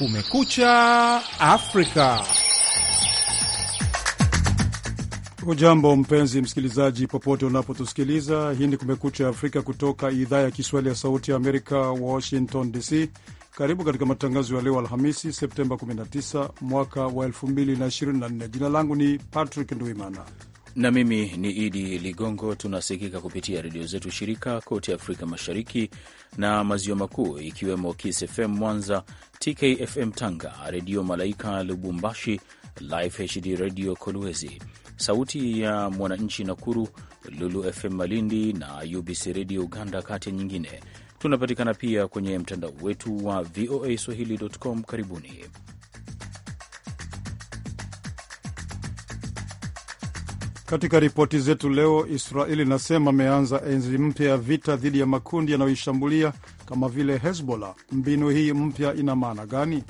Kumekucha Afrika. Ujambo mpenzi msikilizaji, popote unapotusikiliza. Hii ni Kumekucha Afrika kutoka idhaa ya Kiswahili ya Sauti ya Amerika, Washington DC. Karibu katika matangazo ya leo Alhamisi, Septemba 19 mwaka wa 2024. Jina langu ni Patrick Nduimana na mimi ni Idi Ligongo. Tunasikika kupitia redio zetu shirika kote Afrika Mashariki na Maziwa Makuu, ikiwemo ksfm FM Mwanza, TKFM Tanga, Redio Malaika Lubumbashi, Live HD Radio Kolwezi, Sauti ya Mwananchi Nakuru, Lulu FM Malindi na UBC Redio Uganda, kati ya nyingine. Tunapatikana pia kwenye mtandao wetu wa VOA swahili.com. Karibuni. Katika ripoti zetu leo, Israeli inasema ameanza enzi mpya ya vita dhidi ya makundi yanayoishambulia kama vile Hezbollah. Mbinu hii mpya ina maana gani?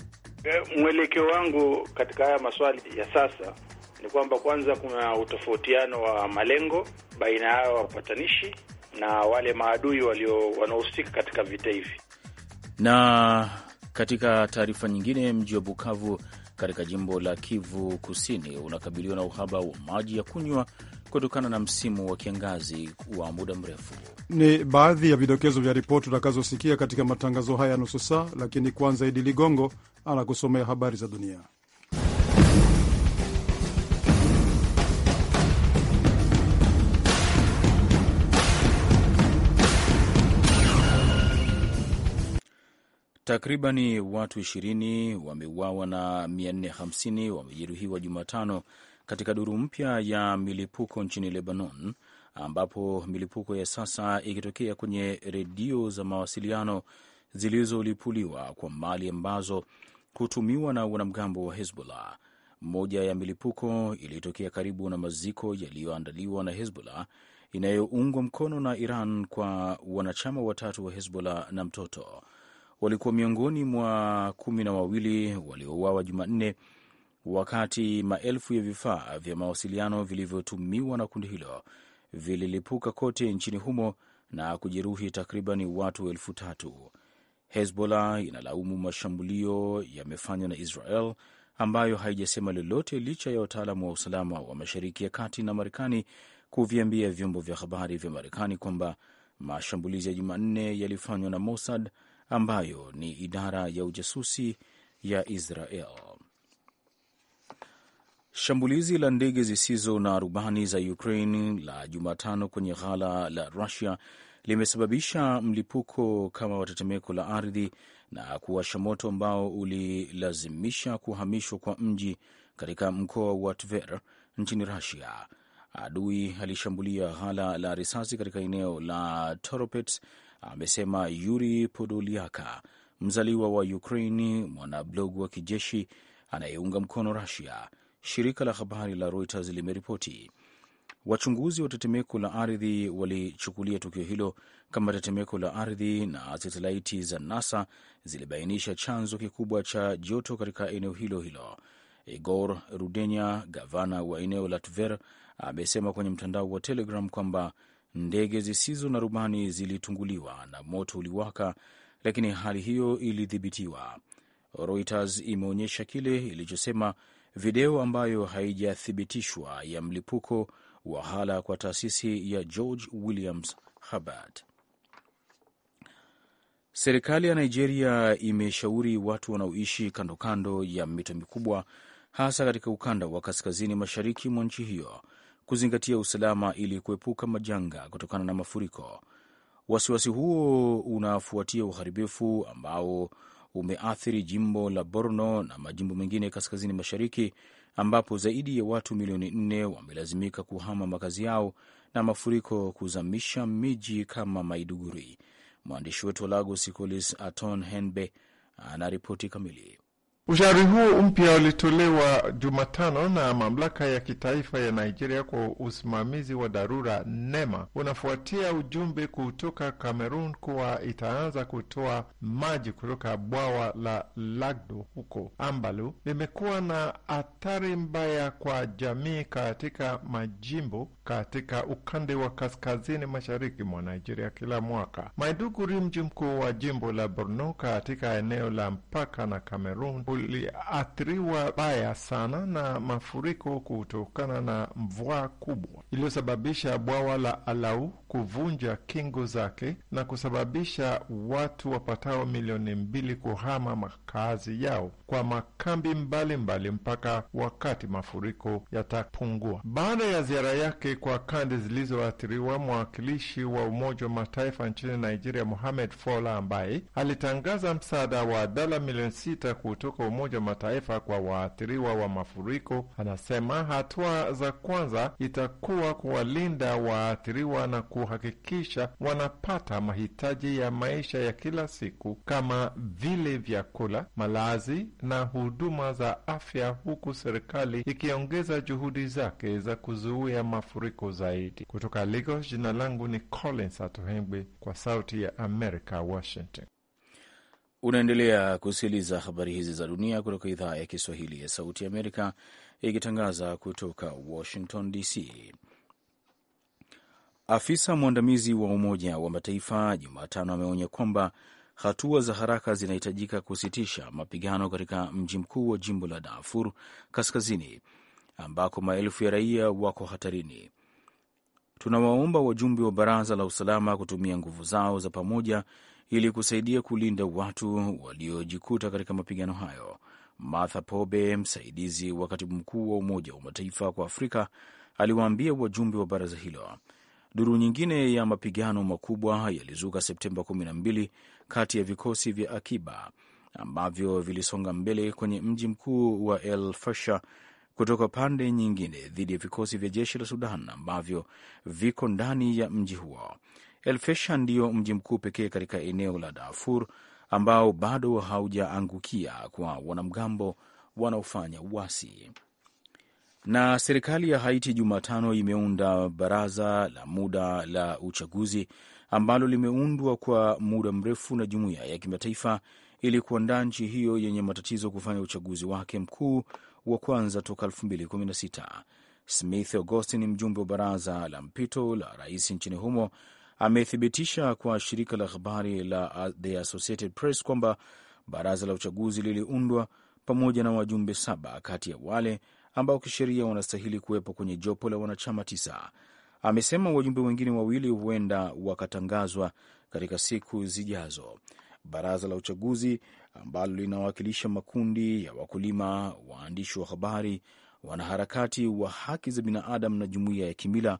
Eh, mwelekeo wangu katika haya maswali ya sasa ni kwamba kwanza, kuna utofautiano wa malengo baina ya hayo wapatanishi na wale maadui walio wanaohusika katika vita hivi. Na katika taarifa nyingine, mji wa Bukavu katika jimbo la Kivu Kusini unakabiliwa na uhaba wa maji ya kunywa kutokana na msimu wa kiangazi wa muda mrefu. Ni baadhi ya vidokezo vya ripoti utakazosikia katika matangazo haya nusu saa, lakini kwanza Idi Ligongo anakusomea habari za dunia. Takribani watu ishirini wameuawa na 450 wamejeruhiwa Jumatano katika duru mpya ya milipuko nchini Lebanon, ambapo milipuko ya sasa ikitokea kwenye redio za mawasiliano zilizolipuliwa kwa mali ambazo hutumiwa na wanamgambo wa Hezbollah. Moja ya milipuko iliyotokea karibu na maziko yaliyoandaliwa na Hezbollah inayoungwa mkono na Iran kwa wanachama watatu wa Hezbollah na mtoto walikuwa miongoni mwa kumi na wawili waliouawa Jumanne, wakati maelfu ya vifaa vya mawasiliano vilivyotumiwa na kundi hilo vililipuka kote nchini humo na kujeruhi takriban watu elfu tatu. Hezbollah inalaumu mashambulio yamefanywa na Israel ambayo haijasema lolote licha ya wataalamu wa usalama wa Mashariki ya Kati na Marekani kuviambia vyombo vya habari vya Marekani kwamba mashambulizi ya Jumanne yalifanywa na Mossad ambayo ni idara ya ujasusi ya Israel. Shambulizi la ndege zisizo na rubani za Ukraine la Jumatano kwenye ghala la Rusia limesababisha mlipuko kama wa tetemeko la ardhi na kuwasha moto ambao ulilazimisha kuhamishwa kwa mji katika mkoa wa Tver nchini Rusia. Adui alishambulia ghala la risasi katika eneo la Toropets amesema Yuri Podoliaka, mzaliwa wa Ukraini, mwanablogu wa kijeshi anayeunga mkono Rusia. Shirika la habari la Reuters limeripoti wachunguzi wa tetemeko la ardhi walichukulia tukio hilo kama tetemeko la ardhi, na satelaiti za NASA zilibainisha chanzo kikubwa cha joto katika eneo hilo hilo. Igor Rudenya, gavana wa eneo la Tver, amesema kwenye mtandao wa Telegram kwamba ndege zisizo na rubani zilitunguliwa na moto uliwaka, lakini hali hiyo ilidhibitiwa. Reuters imeonyesha kile ilichosema video ambayo haijathibitishwa ya mlipuko wa hala kwa taasisi ya George Williams Hubbard. Serikali ya Nigeria imeshauri watu wanaoishi kando kando ya mito mikubwa hasa katika ukanda wa kaskazini mashariki mwa nchi hiyo kuzingatia usalama ili kuepuka majanga kutokana na mafuriko. Wasiwasi huo unafuatia uharibifu ambao umeathiri jimbo la Borno na majimbo mengine kaskazini mashariki, ambapo zaidi ya watu milioni nne wamelazimika kuhama makazi yao na mafuriko kuzamisha miji kama Maiduguri. Mwandishi wetu wa Lagos, Kolis Aton Henbe, anaripoti kamili. Ushauri huu mpya ulitolewa Jumatano na mamlaka ya kitaifa ya Nigeria kwa usimamizi wa dharura NEMA, unafuatia ujumbe kutoka Cameroon kuwa itaanza kutoa maji kutoka bwawa la Lagdo huko ambalo limekuwa na athari mbaya kwa jamii katika majimbo katika ukande wa kaskazini mashariki mwa Nigeria kila mwaka. Maiduguri, mji mkuu wa jimbo la Borno katika eneo la mpaka na Cameroon uliathiriwa baya sana na mafuriko kutokana na mvua kubwa iliyosababisha bwawa la Alau kuvunja kingo zake na kusababisha watu wapatao milioni mbili kuhama makazi yao kwa makambi mbalimbali mbali mpaka wakati mafuriko yatapungua. Baada ya ziara yake kwa kandi zilizoathiriwa, mwakilishi wa Umoja wa Mataifa nchini Nigeria Mohamed Fola, ambaye alitangaza msaada wa dola milioni sita kutoka Umoja wa Mataifa kwa waathiriwa wa mafuriko, anasema hatua za kwanza itakuwa kuwalinda waathiriwa na ku kuhakikisha wanapata mahitaji ya maisha ya kila siku kama vile vyakula, malazi na huduma za afya, huku serikali ikiongeza juhudi zake za kuzuia mafuriko zaidi. Kutoka Lagos, jina langu ni Collins Atohengwi kwa Sauti ya America, Washington. Unaendelea kusikiliza habari hizi za dunia kutoka idhaa ya Kiswahili ya Sauti ya Amerika, ikitangaza kutoka Washington DC. Afisa mwandamizi wa Umoja wa Mataifa Jumatano ameonya kwamba hatua za haraka zinahitajika kusitisha mapigano katika mji mkuu wa jimbo la Darfur Kaskazini, ambako maelfu ya raia wako hatarini. Tunawaomba wajumbe wa Baraza la Usalama kutumia nguvu zao za pamoja ili kusaidia kulinda watu waliojikuta katika mapigano hayo, Martha Pobe, msaidizi wa katibu mkuu wa Umoja wa Mataifa kwa Afrika, aliwaambia wajumbe wa baraza hilo. Duru nyingine ya mapigano makubwa yalizuka Septemba 12 kati ya vikosi vya akiba ambavyo vilisonga mbele kwenye mji mkuu wa El Fasha kutoka pande nyingine dhidi ya vikosi vya jeshi la Sudan ambavyo viko ndani ya mji huo. El Fasher ndiyo mji mkuu pekee katika eneo la Darfur ambao bado haujaangukia kwa wanamgambo wanaofanya uasi. Na serikali ya Haiti Jumatano imeunda baraza la muda la uchaguzi ambalo limeundwa kwa muda mrefu na jumuiya ya kimataifa ili kuandaa nchi hiyo yenye matatizo kufanya uchaguzi wake mkuu wa kwanza toka 2016. Smith Augustin, mjumbe wa baraza la mpito la rais nchini humo, amethibitisha kwa shirika la habari la The Associated Press kwamba baraza la uchaguzi liliundwa pamoja na wajumbe saba kati ya wale ambao kisheria wanastahili kuwepo kwenye jopo la wanachama tisa. Amesema wajumbe wengine wawili huenda wakatangazwa katika siku zijazo. Baraza la uchaguzi ambalo linawakilisha makundi ya wakulima, waandishi wa habari, wanaharakati wa haki za binadamu na jumuiya ya kimila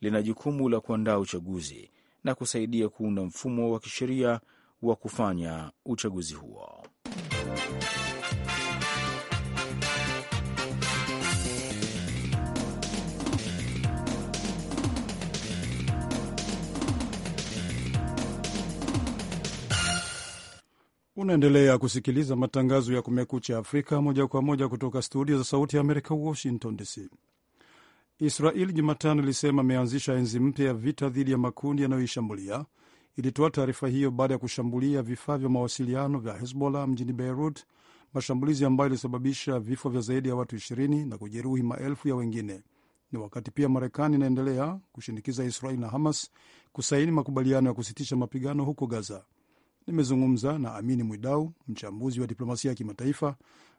lina jukumu la kuandaa uchaguzi na kusaidia kuunda mfumo wa kisheria wa kufanya uchaguzi huo. Unaendelea kusikiliza matangazo ya Kumekucha Afrika moja kwa moja kutoka studio za Sauti ya Amerika, Washington DC. Israel Jumatano ilisema imeanzisha enzi mpya ya vita dhidi ya makundi yanayoishambulia. Ilitoa taarifa hiyo baada ya kushambulia vifaa vya mawasiliano vya Hezbollah mjini Beirut, mashambulizi ambayo ilisababisha vifo vya zaidi ya watu 20 na kujeruhi maelfu ya wengine. Ni wakati pia Marekani inaendelea kushinikiza Israel na Hamas kusaini makubaliano ya kusitisha mapigano huko Gaza. Nimezungumza na Amini Mwidau, mchambuzi wa diplomasia ya kimataifa,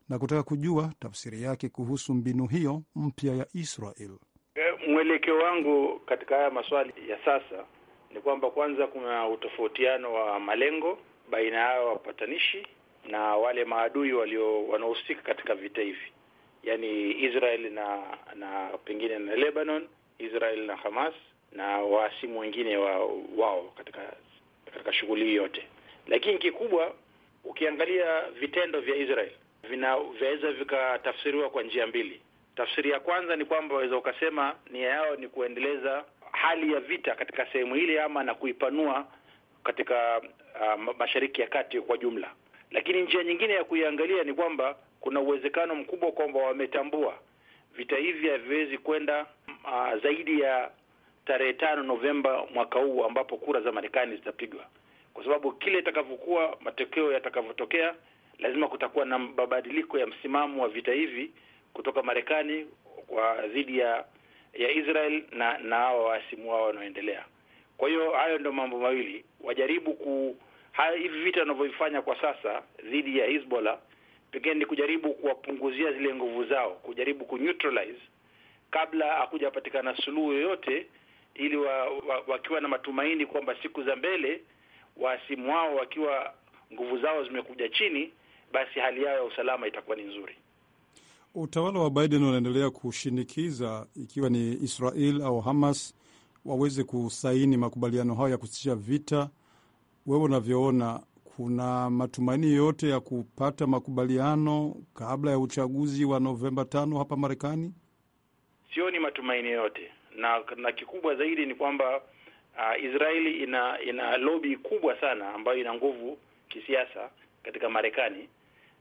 na kutaka kujua tafsiri yake kuhusu mbinu hiyo mpya ya Israel. Eh, mwelekeo wangu katika haya maswali ya sasa ni kwamba kwanza, kuna utofautiano wa malengo baina yao wapatanishi na wale maadui walio wanaohusika katika vita hivi, yaani Israel na na pengine na Lebanon, Israel na Hamas na wahasimu wengine wao wa, katika katika shughuli hii yote. Lakini kikubwa, ukiangalia vitendo vya Israel vinaweza vikatafsiriwa kwa njia mbili. Tafsiri ya kwanza ni kwamba waweza ukasema nia yao ni kuendeleza hali ya vita katika sehemu ile ama na kuipanua katika uh, Mashariki ya Kati kwa jumla. Lakini njia nyingine ya kuiangalia ni kwamba kuna uwezekano mkubwa kwamba wametambua vita hivi haviwezi kwenda uh, zaidi ya tarehe tano Novemba mwaka huu ambapo kura za Marekani zitapigwa kwa sababu kile itakavyokuwa, matokeo yatakavyotokea, lazima kutakuwa na mabadiliko ya msimamo wa vita hivi kutoka Marekani kwa dhidi ya ya Israel na na waasimu wao wanaoendelea. Kwa hiyo hayo ndio mambo mawili wajaribu ku hivi vita wanavyovifanya kwa sasa dhidi ya Hezbollah pengine ni kujaribu kuwapunguzia zile nguvu zao, kujaribu kuneutralize kabla patikana suluhu yoyote, ili wa, wa, wakiwa na matumaini kwamba siku za mbele waasimu wao wakiwa nguvu zao zimekuja chini, basi hali yao ya usalama itakuwa ni nzuri. Utawala wa Biden unaendelea kushinikiza ikiwa ni Israel au Hamas waweze kusaini makubaliano hayo ya kusitisha vita. Wewe unavyoona, kuna matumaini yoyote ya kupata makubaliano kabla ya uchaguzi wa Novemba tano hapa Marekani? Sioni matumaini yoyote, na na kikubwa zaidi ni kwamba uh, Israeli ina ina lobby kubwa sana ambayo ina nguvu kisiasa katika Marekani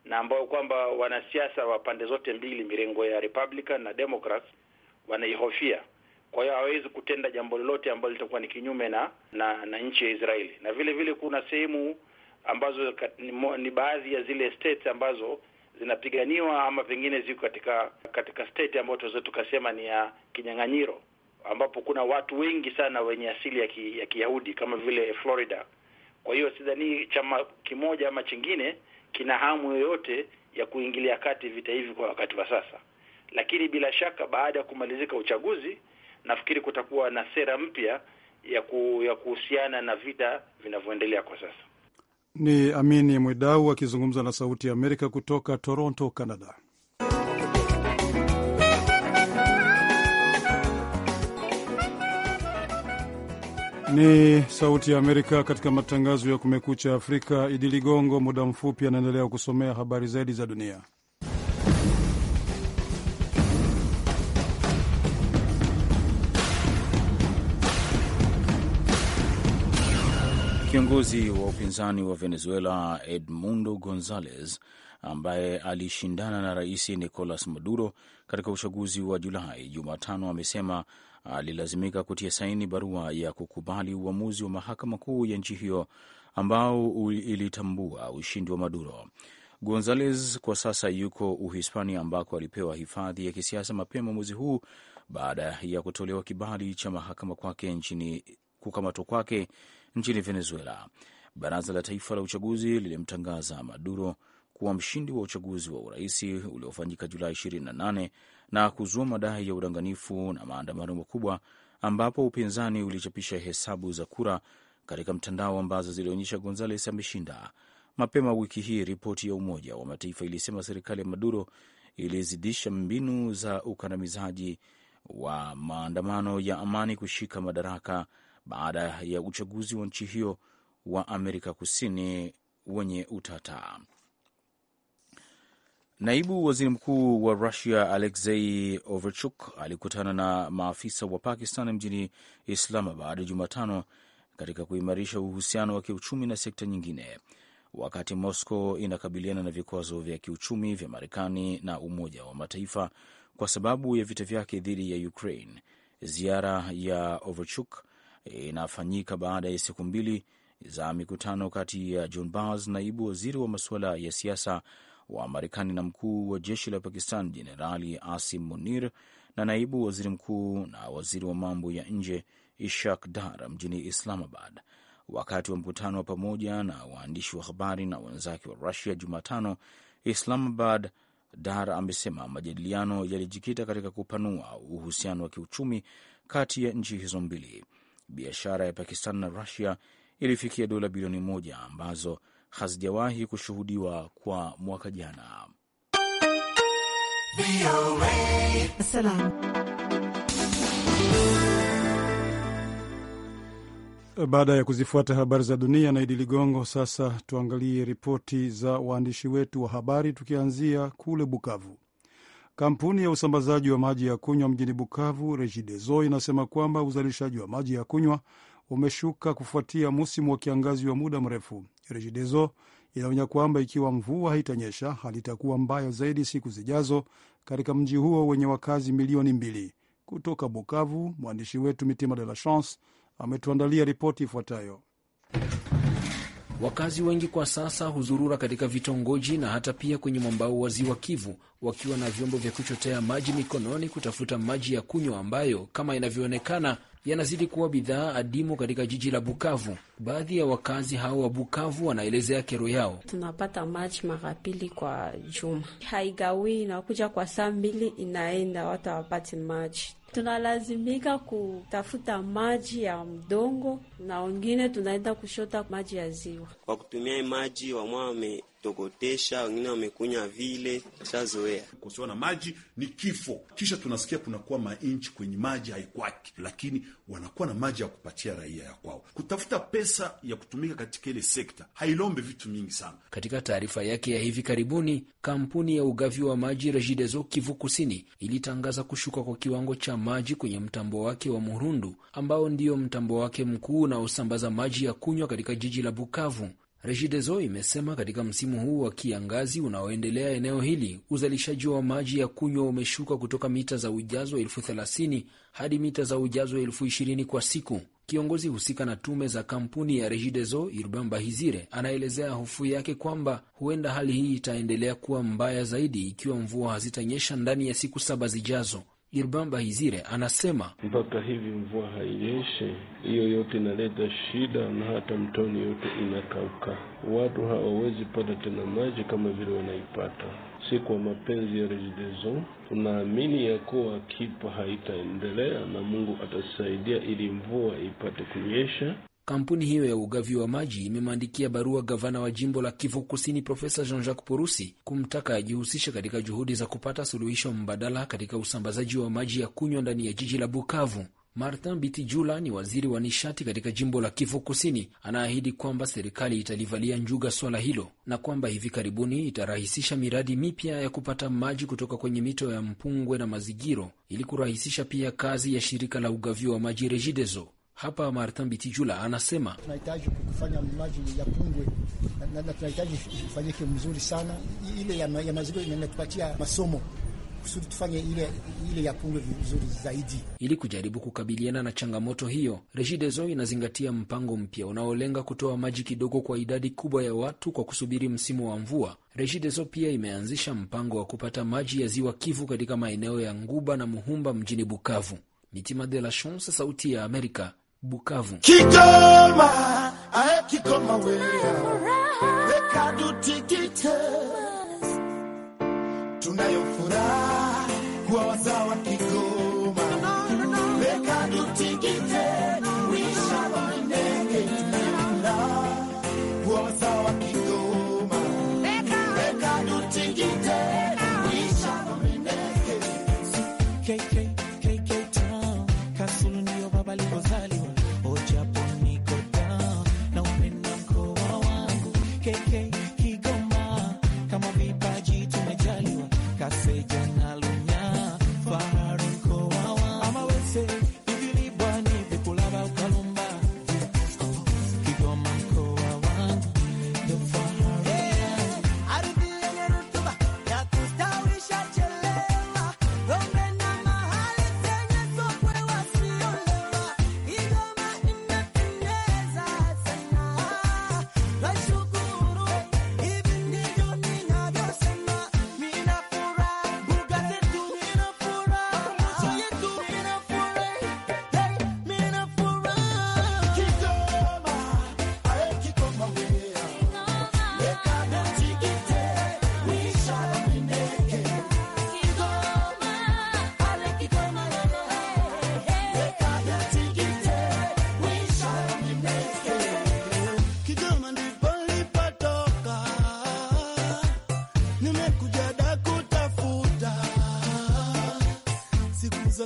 na ambayo kwamba wanasiasa wa pande zote mbili, mirengo ya Republican na Democrats, wanaihofia. Kwa hiyo hawezi kutenda jambo lolote ambalo litakuwa ni kinyume na na, na nchi ya Israeli. Na vile vile kuna sehemu ambazo ni, ni baadhi ya zile states ambazo zinapiganiwa ama pengine ziko katika katika state ambayo tunaweza tukasema ni ya kinyang'anyiro ambapo kuna watu wengi sana wenye asili ya, ki, ya Kiyahudi kama vile Florida. Kwa hiyo sidhani chama kimoja ama chingine kina hamu yoyote ya kuingilia kati vita hivi kwa wakati wa sasa, lakini bila shaka baada ya kumalizika uchaguzi, nafikiri kutakuwa na sera mpya ya ku, ya kuhusiana na vita vinavyoendelea kwa sasa. Ni Amini Mwidau akizungumza na Sauti ya Amerika kutoka Toronto, Canada. Ni Sauti ya Amerika katika matangazo ya Kumekucha Afrika. Idi Ligongo muda mfupi anaendelea kusomea habari zaidi za dunia. Kiongozi wa upinzani wa Venezuela Edmundo Gonzalez ambaye alishindana na rais Nicolas Maduro katika uchaguzi wa Julai Jumatano amesema alilazimika kutia saini barua ya kukubali uamuzi wa mahakama kuu ya nchi hiyo ambao ilitambua ushindi wa Maduro. Gonzales kwa sasa yuko Uhispania ambako alipewa hifadhi ya kisiasa mapema mwezi huu baada ya kutolewa kibali cha mahakama kwake nchini kukamatwa kwake nchini Venezuela. Baraza la Taifa la Uchaguzi lilimtangaza Maduro kuwa mshindi wa uchaguzi wa urais uliofanyika Julai 28 na kuzua madai ya udanganifu na maandamano makubwa, ambapo upinzani ulichapisha hesabu za kura katika mtandao ambazo zilionyesha Gonzales ameshinda. Mapema wiki hii, ripoti ya Umoja wa Mataifa ilisema serikali ya Maduro ilizidisha mbinu za ukandamizaji wa maandamano ya amani kushika madaraka baada ya uchaguzi wa nchi hiyo wa Amerika Kusini wenye utata. Naibu waziri mkuu wa Rusia Alexei Overchuk alikutana na maafisa wa Pakistan mjini Islamabad Jumatano katika kuimarisha uhusiano wa kiuchumi na sekta nyingine, wakati Moscow inakabiliana na vikwazo vya kiuchumi vya Marekani na Umoja wa Mataifa kwa sababu ya vita vyake dhidi ya Ukraine. Ziara ya Overchuk inafanyika baada ya siku mbili za mikutano kati ya John Bars, naibu waziri wa masuala ya siasa wa Marekani na mkuu wa jeshi la Pakistan Jenerali Asim Munir na naibu waziri mkuu na waziri wa mambo ya nje Ishak Dar mjini Islamabad wakati wa mkutano wa pamoja na waandishi wa habari na wenzake wa Rusia Jumatano Islamabad. Dar amesema majadiliano yalijikita katika kupanua uhusiano wa kiuchumi kati ya nchi hizo mbili. Biashara ya Pakistan na Rusia ilifikia dola bilioni moja ambazo hazijawahi kushuhudiwa kwa mwaka jana. Baada ya kuzifuata habari za dunia na Idi Ligongo, sasa tuangalie ripoti za waandishi wetu wa habari, tukianzia kule Bukavu. Kampuni ya usambazaji wa maji ya kunywa mjini Bukavu, REGIDESO, inasema kwamba uzalishaji wa maji ya kunywa umeshuka kufuatia msimu wa kiangazi wa muda mrefu. Rejidezo inaonya kwamba ikiwa mvua haitanyesha hali itakuwa mbaya zaidi siku zijazo katika mji huo wenye wakazi milioni mbili. Kutoka Bukavu, mwandishi wetu Mitima De La Chance ametuandalia ripoti ifuatayo. Wakazi wengi kwa sasa huzurura katika vitongoji na hata pia kwenye mwambao wa ziwa Kivu wakiwa na vyombo vya kuchotea maji mikononi kutafuta maji ya kunywa ambayo kama inavyoonekana yanazidi kuwa bidhaa adimu katika jiji la Bukavu. Baadhi ya wakazi hao wa Bukavu wanaelezea kero yao. Tunapata maji mara pili kwa juma, haigawii, inakuja kwa saa mbili, inaenda, watu hawapati maji tunalazimika kutafuta maji ya mdongo na wengine tunaenda kushota maji ya ziwa kwa kutumia maji wamwame tokotesha, wengine wamekunywa vile, shazoea kukosewa na maji ni kifo. Kisha tunasikia kunakuwa mainchi kwenye maji haikwaki, lakini wanakuwa na maji ya kupatia raia ya kwao. Kutafuta pesa ya kutumika katika ile sekta hailombe vitu mingi sana. Katika taarifa yake ya hivi karibuni, kampuni ya ugavi wa maji Regideso Kivu Kusini ilitangaza kushuka kwa kiwango cha maji kwenye mtambo wake wa Murundu ambao ndio mtambo wake mkuu unaosambaza maji ya kunywa katika jiji la Bukavu. Regideso imesema katika msimu huu wa kiangazi unaoendelea eneo hili uzalishaji wa maji ya kunywa umeshuka kutoka mita za ujazo elfu thelathini hadi mita za ujazo elfu ishirini kwa siku. Kiongozi husika na tume za kampuni ya Regideso Urbain Bahizire anaelezea hofu yake kwamba huenda hali hii itaendelea kuwa mbaya zaidi ikiwa mvua hazitanyesha ndani ya siku saba zijazo. Irban Bahizire anasema mpaka hivi mvua hainyeshe, hiyo yote inaleta shida, na hata mtoni yote inakauka, watu hawawezi pata tena maji kama vile wanaipata. Si kwa mapenzi ya Regideso, tunaamini ya kuwa kipa haitaendelea na Mungu atasaidia ili mvua ipate kunyesha. Kampuni hiyo ya ugavi wa maji imemwandikia barua gavana wa jimbo la Kivu Kusini, Profesa Jean-Jacques Purusi, kumtaka ajihusishe katika juhudi za kupata suluhisho mbadala katika usambazaji wa maji ya kunywa ndani ya jiji la Bukavu. Martin jula ni waziri wa nishati katika jimbo la Kivu Kusini. Anaahidi kwamba serikali italivalia njuga swala hilo na kwamba hivi karibuni itarahisisha miradi mipya ya kupata maji kutoka kwenye mito ya Mpungwe na Mazigiro ili kurahisisha pia kazi ya shirika la ugavi wa maji REGIDESO. Hapa Martin Bitijula anasema tunahitaji kufanya maji yapungwe na, na tunahitaji ifanyike mzuri sana ile ya, ya mazigo inatupatia masomo kusudi tufanye ile, ile yapungwe vizuri zaidi. Ili kujaribu kukabiliana na changamoto hiyo, Regideso inazingatia mpango mpya unaolenga kutoa maji kidogo kwa idadi kubwa ya watu kwa kusubiri msimu wa mvua. Regideso pia imeanzisha mpango wa kupata maji ya ziwa Kivu katika maeneo ya Nguba na Muhumba mjini Bukavu. Mitima de la Chance, Sauti ya Amerika, Bukavu. Kikoma, ae kikoma weya. Weka dutikite. Tunayo furaha kuwa wazawa kikoma.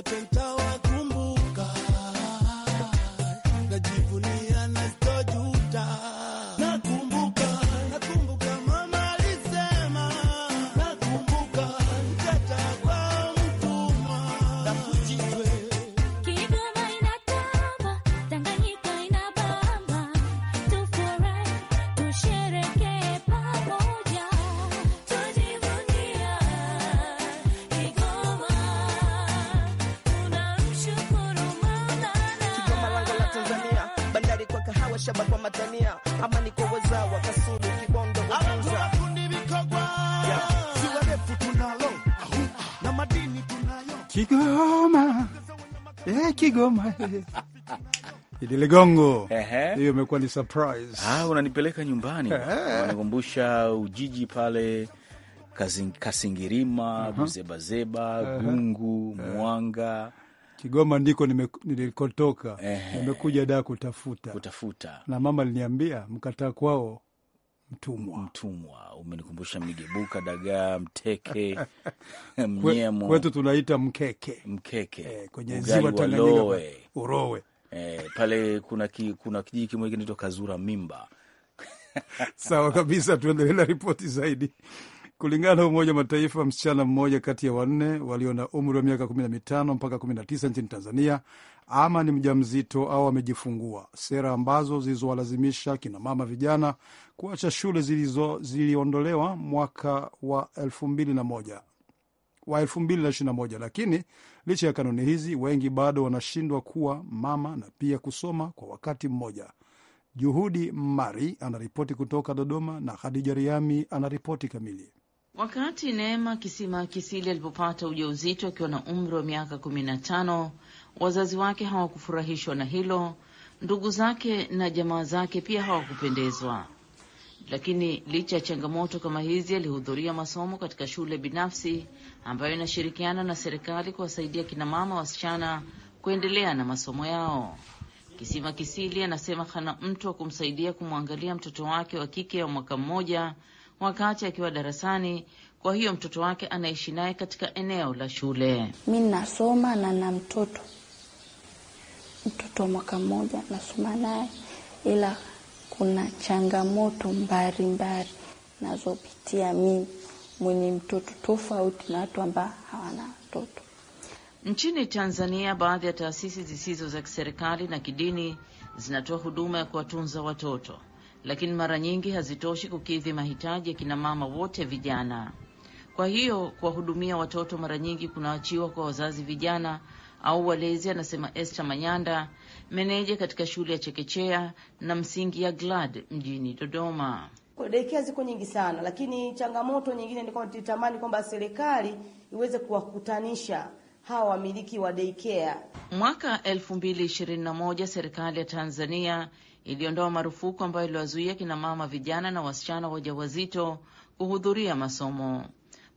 repente kisha bakwa matania ama nikoweza wakasulu kibondo na madini tunayo Kigoma eh, Kigoma Idi Ligongo, hiyo imekuwa ni surprise. Ah, unanipeleka nyumbani, unakumbusha Ujiji pale Kasingirima, uh -huh. Buzebazeba, Gungu, Mwanga. -huh. Mwanga Kigoma ndiko nilikotoka nimekuja daa kutafuta kutafuta, na mama aliniambia mkataa kwao mtumwa. Mtumwa umenikumbusha migebuka, dagaa, mteke mnyemo kwetu tunaita mkeke, mkeke e, kwenye ziwa Tanganyika urowe e, pale kuna, ki, kuna kijiji kimoja kinaitwa Kazura Mimba. Sawa kabisa, tuendelee na ripoti zaidi. Kulingana na Umoja wa Mataifa, msichana mmoja kati ya wanne walio na umri wa miaka 15 mpaka 19 nchini Tanzania ama ni mjamzito au amejifungua. Sera ambazo zilizowalazimisha kinamama vijana kuacha shule zilizo ziliondolewa mwaka wa 2001 wa 2021, lakini licha ya kanuni hizi, wengi bado wanashindwa kuwa mama na pia kusoma kwa wakati mmoja. Juhudi Mari anaripoti kutoka Dodoma na Khadija Riami anaripoti kamili. Wakati Neema Kisima Kisili alipopata ujauzito akiwa na umri wa miaka kumi na tano, wazazi wake hawakufurahishwa na hilo. Ndugu zake na jamaa zake pia hawakupendezwa. Lakini licha ya changamoto kama hizi, alihudhuria masomo katika shule binafsi ambayo inashirikiana na serikali kuwasaidia kinamama wasichana kuendelea na masomo yao. Kisima Kisili anasema hana mtu wa kumsaidia kumwangalia mtoto wake wa kike wa mwaka mmoja wakati akiwa darasani. Kwa hiyo mtoto wake anaishi naye katika eneo la shule. Mi nasoma na na mtoto mtoto wa mwaka mmoja nasoma naye, ila kuna changamoto mbalimbali nazopitia mimi mwenye mtoto tofauti na watu ambao hawana watoto Nchini Tanzania, baadhi ya taasisi zisizo za kiserikali na kidini zinatoa huduma ya kuwatunza watoto lakini mara nyingi hazitoshi kukidhi mahitaji ya kinamama wote vijana. Kwa hiyo kuwahudumia watoto mara nyingi kunaachiwa kwa wazazi vijana au walezi, anasema Esther Manyanda, meneja katika shule ya chekechea na msingi ya Glad mjini Dodoma. Daycare ziko nyingi sana, lakini changamoto nyingine ni kwamba tulitamani kwamba serikali iweze kuwakutanisha hawa wamiliki wa daycare. Mwaka 2021 serikali ya Tanzania iliondoa marufuku ambayo iliwazuia kina mama vijana na wasichana wajawazito kuhudhuria masomo.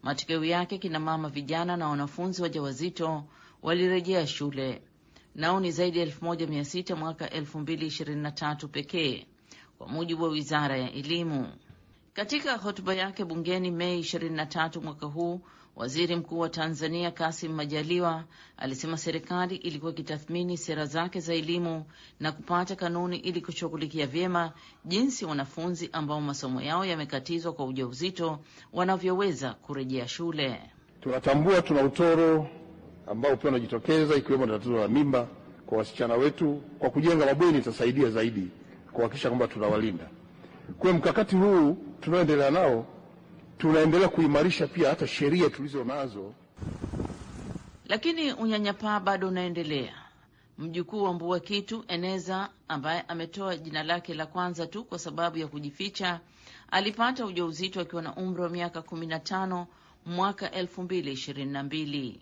Matokeo yake kina mama vijana na wanafunzi wajawazito walirejea shule, nao ni zaidi ya 1600 mwaka 2023 pekee, kwa mujibu wa wizara ya elimu. Katika hotuba yake bungeni Mei 23 mwaka huu, Waziri Mkuu wa Tanzania Kassim Majaliwa alisema serikali ilikuwa ikitathmini sera zake za elimu na kupata kanuni ili kushughulikia vyema jinsi wanafunzi ambao masomo yao yamekatizwa kwa ujauzito wanavyoweza kurejea shule. Tunatambua tuna utoro ambao pia unajitokeza ikiwemo na tatizo la mimba kwa wasichana wetu. Kwa kujenga mabweni itasaidia zaidi kuhakikisha kwamba tunawalinda. Kwa mkakati huu tunaoendelea nao tunaendelea kuimarisha pia hata sheria tulizo nazo, lakini unyanyapaa bado unaendelea. Mjukuu wa Mbua Kitu Eneza, ambaye ametoa jina lake la kwanza tu kwa sababu ya kujificha, alipata ujauzito akiwa na umri wa miaka 15 mwaka 222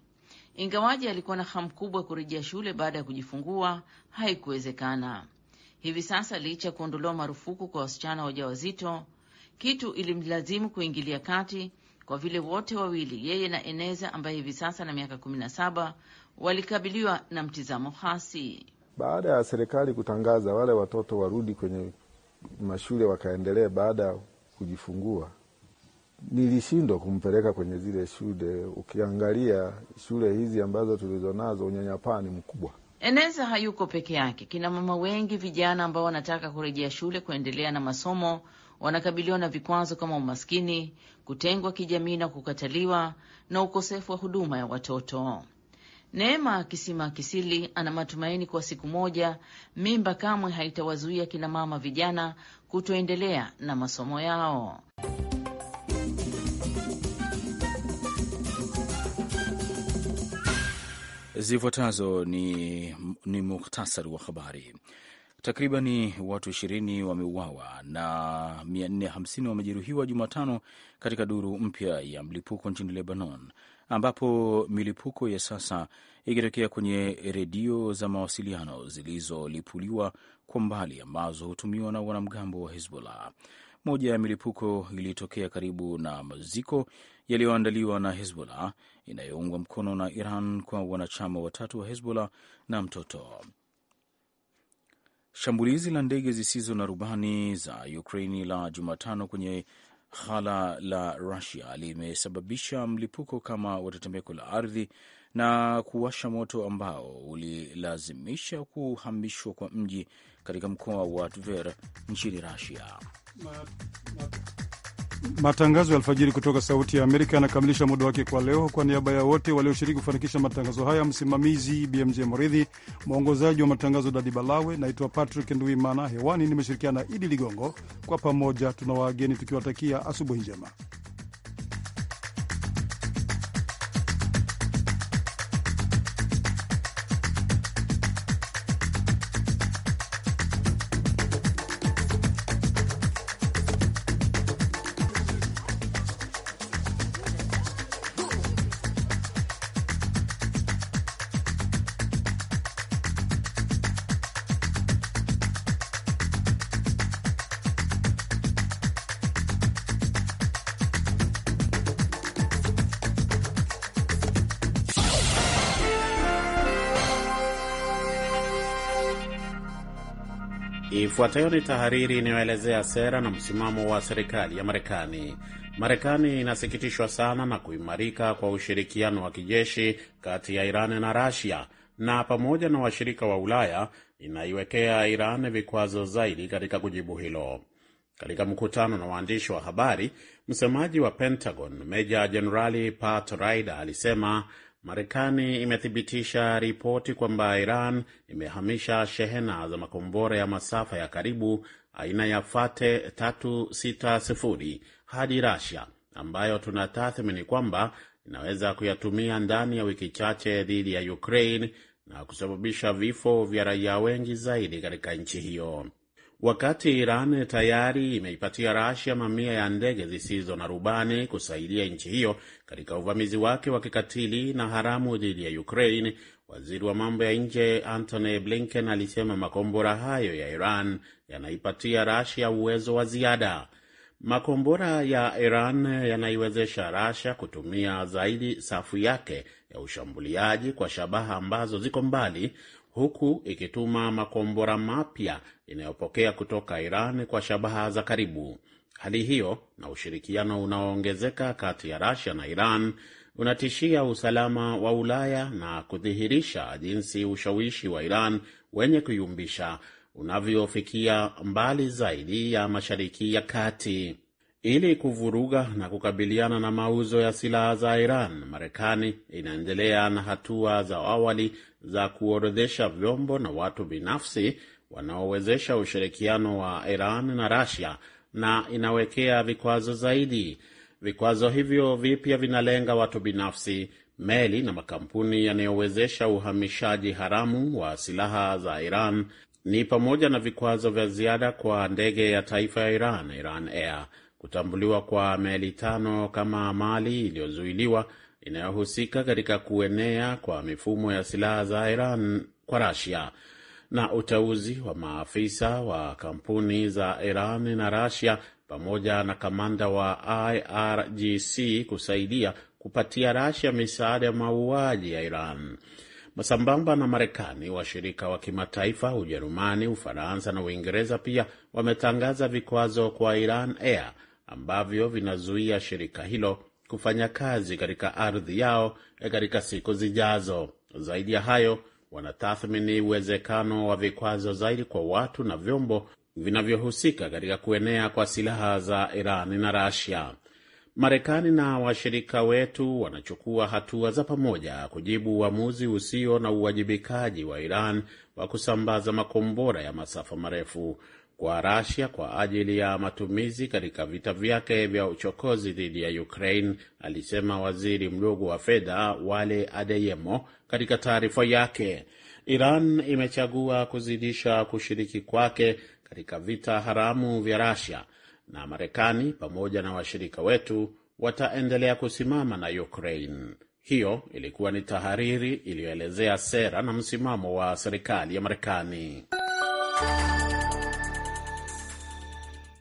Ingawaji alikuwa na hamu kubwa ya kurejea shule baada ya kujifungua, haikuwezekana. Hivi sasa licha ya kuondolewa marufuku kwa wasichana wajawazito kitu ilimlazimu kuingilia kati kwa vile wote wawili yeye na Eneza ambaye hivi sasa na miaka kumi na saba walikabiliwa na mtizamo hasi. Baada ya serikali kutangaza wale watoto warudi kwenye mashule wakaendelee baada ya kujifungua, nilishindwa kumpeleka kwenye zile shule. Ukiangalia shule hizi ambazo tulizonazo, unyanyapaa ni mkubwa. Eneza hayuko peke yake, kina mama wengi vijana ambao wanataka kurejea shule kuendelea na masomo wanakabiliwa na vikwazo kama umaskini, kutengwa kijamii na kukataliwa na ukosefu wa huduma ya watoto. Neema Kisima Kisili ana matumaini kwa siku moja mimba kamwe haitawazuia kina mama vijana kutoendelea na masomo yao. Zifuatazo ni, ni muktasari wa habari. Takribani watu ishirini wameuawa na 450 wamejeruhiwa Jumatano katika duru mpya ya mlipuko nchini Lebanon, ambapo milipuko ya sasa ikitokea kwenye redio za mawasiliano zilizolipuliwa kwa mbali ambazo hutumiwa na wanamgambo wa Hezbollah. Moja ya milipuko ilitokea karibu na maziko yaliyoandaliwa na Hezbollah inayoungwa mkono na Iran kwa wanachama watatu wa Hezbollah na mtoto Shambulizi la ndege zisizo na rubani za Ukraini la Jumatano kwenye ghala la Rusia limesababisha mlipuko kama watetemeko la ardhi na kuwasha moto ambao ulilazimisha kuhamishwa kwa mji katika mkoa wa Tver nchini Rusia. Matangazo ya alfajiri kutoka Sauti ya Amerika yanakamilisha muda wake kwa leo. Kwa niaba ya wote walioshiriki kufanikisha matangazo haya, msimamizi BMJ Mridhi, mwongozaji wa matangazo Dadi Balawe, naitwa Patrick Nduimana. Hewani nimeshirikiana na Idi Ligongo. Kwa pamoja tuna wageni tukiwatakia asubuhi njema. Ifuatayo ni tahariri inayoelezea sera na msimamo wa serikali ya Marekani. Marekani inasikitishwa sana na kuimarika kwa ushirikiano wa kijeshi kati ya Iran na Rasia, na pamoja na washirika wa Ulaya inaiwekea Iran vikwazo zaidi katika kujibu hilo. Katika mkutano na waandishi wa habari, msemaji wa Pentagon Meja Jenerali Pat Ryder alisema Marekani imethibitisha ripoti kwamba Iran imehamisha shehena za makombora ya masafa ya karibu aina ya Fate 360 hadi rasia ambayo tunatathmini kwamba inaweza kuyatumia ndani ya wiki chache dhidi ya Ukraine na kusababisha vifo vya raia wengi zaidi katika nchi hiyo wakati Iran tayari imeipatia Rasia mamia ya ndege zisizo na rubani kusaidia nchi hiyo katika uvamizi wake wa kikatili na haramu dhidi ya Ukraine. Waziri wa mambo ya nje Antony Blinken alisema makombora hayo ya Iran yanaipatia Rasia uwezo wa ziada. Makombora ya Iran yanaiwezesha Rasia kutumia zaidi safu yake ya ushambuliaji kwa shabaha ambazo ziko mbali huku ikituma makombora mapya inayopokea kutoka Iran kwa shabaha za karibu. Hali hiyo na ushirikiano unaoongezeka kati ya rasia na Iran unatishia usalama wa Ulaya na kudhihirisha jinsi ushawishi wa Iran wenye kuyumbisha unavyofikia mbali zaidi ya Mashariki ya Kati ili kuvuruga na kukabiliana na mauzo ya silaha za Iran. Marekani inaendelea na hatua za awali za kuorodhesha vyombo na watu binafsi wanaowezesha ushirikiano wa Iran na Rasia na inawekea vikwazo zaidi. Vikwazo hivyo vipya vinalenga watu binafsi, meli na makampuni yanayowezesha uhamishaji haramu wa silaha za Iran, ni pamoja na vikwazo vya ziada kwa ndege ya taifa ya Iran, Iran Air kutambuliwa kwa meli tano kama mali iliyozuiliwa inayohusika katika kuenea kwa mifumo ya silaha za Iran kwa Rasia na uteuzi wa maafisa wa kampuni za Iran na Rasia pamoja na kamanda wa IRGC kusaidia kupatia Rasia misaada ya mauaji ya Iran sambamba na Marekani, washirika wa kimataifa Ujerumani, Ufaransa na Uingereza pia wametangaza vikwazo kwa Iran Air ambavyo vinazuia shirika hilo kufanya kazi katika ardhi yao e, katika siku zijazo. Zaidi ya hayo, wanatathmini uwezekano wa vikwazo zaidi kwa watu na vyombo vinavyohusika katika kuenea kwa silaha za Iran na Rasia. Marekani na washirika wetu wanachukua hatua za pamoja kujibu uamuzi usio na uwajibikaji wa Iran wa kusambaza makombora ya masafa marefu kwa Rasia kwa ajili ya matumizi katika vita vyake vya uchokozi dhidi ya Ukraine, alisema waziri mdogo wa fedha Wale Adeyemo katika taarifa yake. Iran imechagua kuzidisha kushiriki kwake katika vita haramu vya Rasia, na Marekani pamoja na washirika wetu wataendelea kusimama na Ukraine. Hiyo ilikuwa ni tahariri iliyoelezea sera na msimamo wa serikali ya Marekani.